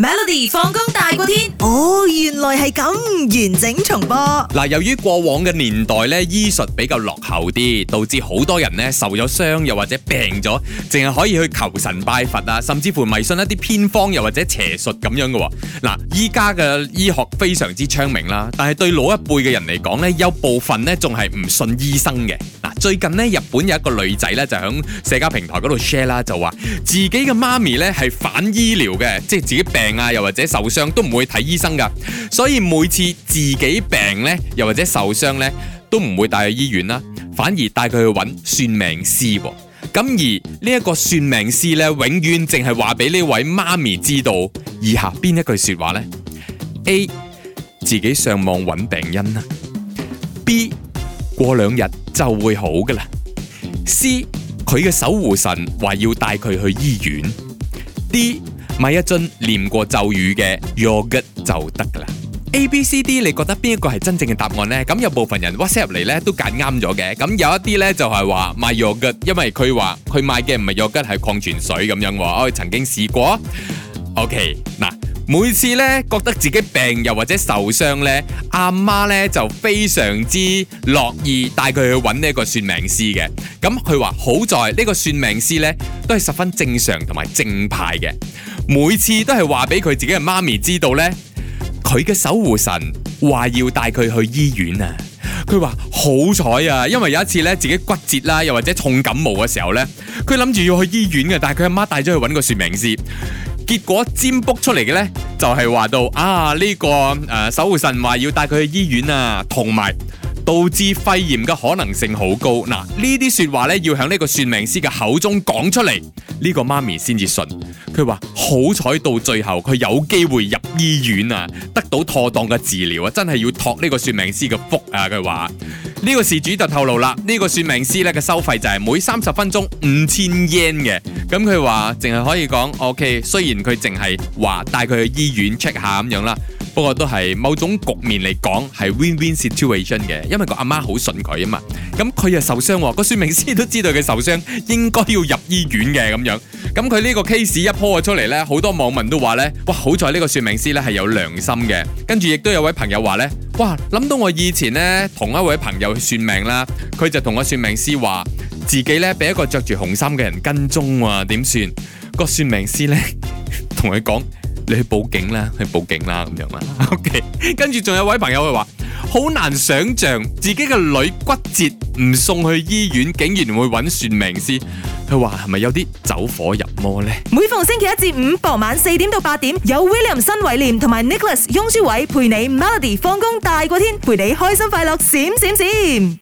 Melody 放工大過天，哦，原來係咁，完整重播。嗱，由於過往嘅年代咧，醫術比較落後啲，導致好多人咧受咗傷又或者病咗，淨係可以去求神拜佛啊，甚至乎迷信一啲偏方又或者邪術咁樣嘅。嗱，依家嘅醫學非常之昌明啦，但係對老一輩嘅人嚟講咧，有部分咧仲係唔信醫生嘅。最近咧，日本有一個女仔咧，就喺社交平台嗰度 share 啦，就話自己嘅媽咪咧係反醫療嘅，即係自己病啊，又或者受傷都唔會睇醫生噶，所以每次自己病咧，又或者受傷咧，都唔會帶去醫院啦，啊，反而帶佢去揾算命師，啊。咁而呢一個算命師咧，永遠淨係話俾呢位媽咪知道以下邊一句說話呢 A 自己上網揾病因啊；B 過兩日。就會好噶啦。C，佢嘅守護神話要帶佢去醫院。D，買一樽念過咒語嘅 yogurt 就得噶啦。A、B、C、D，你覺得邊一個係真正嘅答案咧？咁有部分人 WhatsApp 入嚟咧都揀啱咗嘅。咁有一啲咧就係話買 yogurt，因為佢話佢買嘅唔係 yogurt，係礦泉水咁樣。我曾經試過。OK 嗱。每次咧覺得自己病又或者受傷咧，阿媽咧就非常之樂意帶佢去揾呢個算命師嘅。咁佢話好在呢個算命師咧都係十分正常同埋正派嘅，每次都係話俾佢自己嘅媽咪知道咧，佢嘅守護神話要帶佢去醫院啊。佢話好彩啊，因為有一次咧自己骨折啦，又或者重感冒嘅時候咧，佢諗住要去醫院嘅，但係佢阿媽帶咗去揾個算命師，結果占卜出嚟嘅咧。就係話到啊，呢、這個誒、呃、守護神話要帶佢去醫院啊，同埋導致肺炎嘅可能性好高。嗱，呢啲説話咧要喺呢個算命師嘅口中講出嚟，呢、這個媽咪先至信。佢話好彩到最後佢有機會入醫院啊，得到妥當嘅治療啊，真係要托呢個算命師嘅福啊！佢話。呢個事主就透露啦，呢、呢個算命師咧嘅收費就係每三十分鐘五千日圓嘅。咁佢話淨係可以講，OK，雖然佢淨係話帶佢去醫院 check 下咁樣啦，不過都係某種局面嚟講係 win-win situation 嘅，因為個阿媽好信佢啊嘛。咁佢又受傷喎，那個算命師都知道佢受傷，應該要入醫院嘅咁樣。咁佢呢個 case 一 po 咗出嚟呢，好多網民都話呢：「哇，好彩呢個算命師呢係有良心嘅。」跟住亦都有位朋友話呢：「哇，諗到我以前呢，同一位朋友去算命啦，佢就同個算命師話自己呢，俾一個着住紅衫嘅人跟蹤啊，點算？個算命師呢同佢講，你去報警啦，去報警啦咁樣啦。OK，跟住仲有位朋友佢話，好難想象自己嘅女骨折唔送去醫院，竟然會揾算命師。佢話係咪有啲走火入魔呢？每逢星期一至五傍晚四點到八點，有 William 新偉廉同埋 Nicholas 翁舒偉陪你 Melody 放工大過天，陪你開心快樂閃閃閃。